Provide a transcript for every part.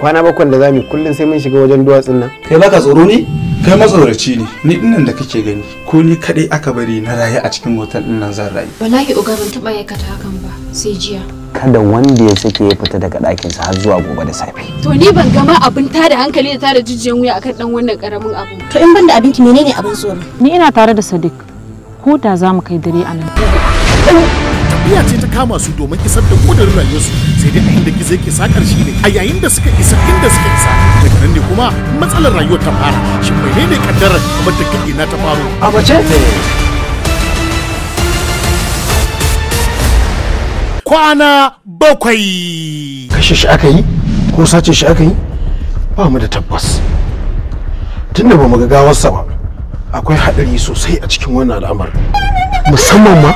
kwana bakwai da zamu kullum sai mun shiga wajen duwatsun nan kai baka tsoro ne kai matsoraci ne ni dinnan da kake gani ko ni kadai aka bari na rayu a cikin hotel din nan zan rayu wallahi uga ban taba aikata hakan ba sai jiya kada wanda ya sake ya fita daga ɗakin sa har zuwa gobe da safe to ni ban gama abin ta-da-hankali da hankali da tada jijiyan wuya akan dan wannan karamin abu to in banda abinki menene abin tsoro ni ina tare da Sadiq ko da zamu kai dare a nan tafiya ce ta kama su domin isar da kudin rayuwarsu sai dai a inda gizo yake sa ƙarshe ne a yayin da suka isa inda suka isa daga nan ne kuma matsalar rayuwar ta fara shin menene kaddarar kamar ta kake na ta faro a ne. kwana bakwai kashe shi aka yi ko sace shi aka yi ba mu da tabbas tunda ba mu ga gawarsa ba akwai haɗari sosai a cikin wannan al'amar musamman ma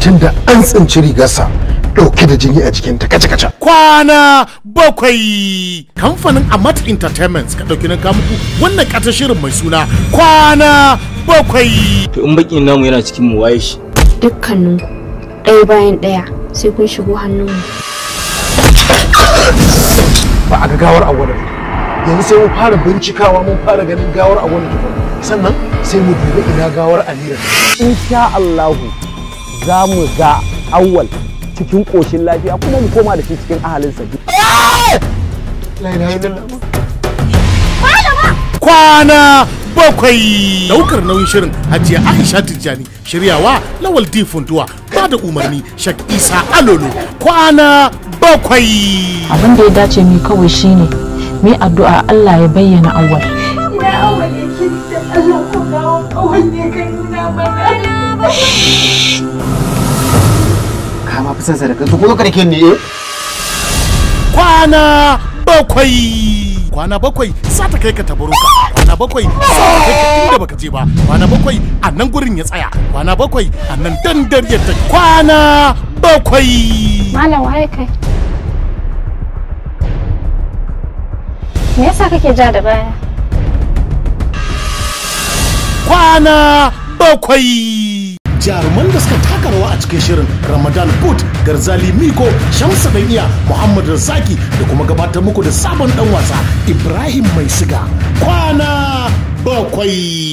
tunda an tsinci rigarsa ɗauke da jini a jikin ta kaca kaca kwana bakwai kamfanin amat entertainment ka ɗauki na kamuku wannan ƙata shirin mai suna kwana bakwai to in bakin namu yana cikin mu waye shi dukkaninku ɗaya bayan ɗaya sai kun shigo hannunmu ba a ga gawar awalin yanzu sai mu fara bincikawa mun fara ganin gawar awalin sannan sai mu dubi ina gawar alira insha Allah. za mu ga awwal cikin ƙoshin lafiya kuma mu koma da shi cikin ahalinsa. Kwana bakwai! Daukar nauyin shirin Hajiya Aisha Tijjani shiryawa Lawal D Funtuwa ba da umarni Shak Isa Alolo kwana bakwai! Abin da ya dace mai kawai shine mai addu'a Allah ya bayyana awwal. Shhh! ka fi son sa da kai to ko ka ne eh kwana bakwai kwana bakwai za ta kai ka tabaruka kwana bakwai za ta kai ka inda baka je ba kwana bakwai a nan gurin ya tsaya kwana bakwai a nan dandar ya kwana bakwai malam waye kai me yasa kake ja da baya kwana bakwai jaruman da suka taka rawa a cikin shirin ramadan put garzali miko shamsa dan iya muhammad razaki da kuma gabatar muku da sabon dan wasa ibrahim mai siga kwana bakwai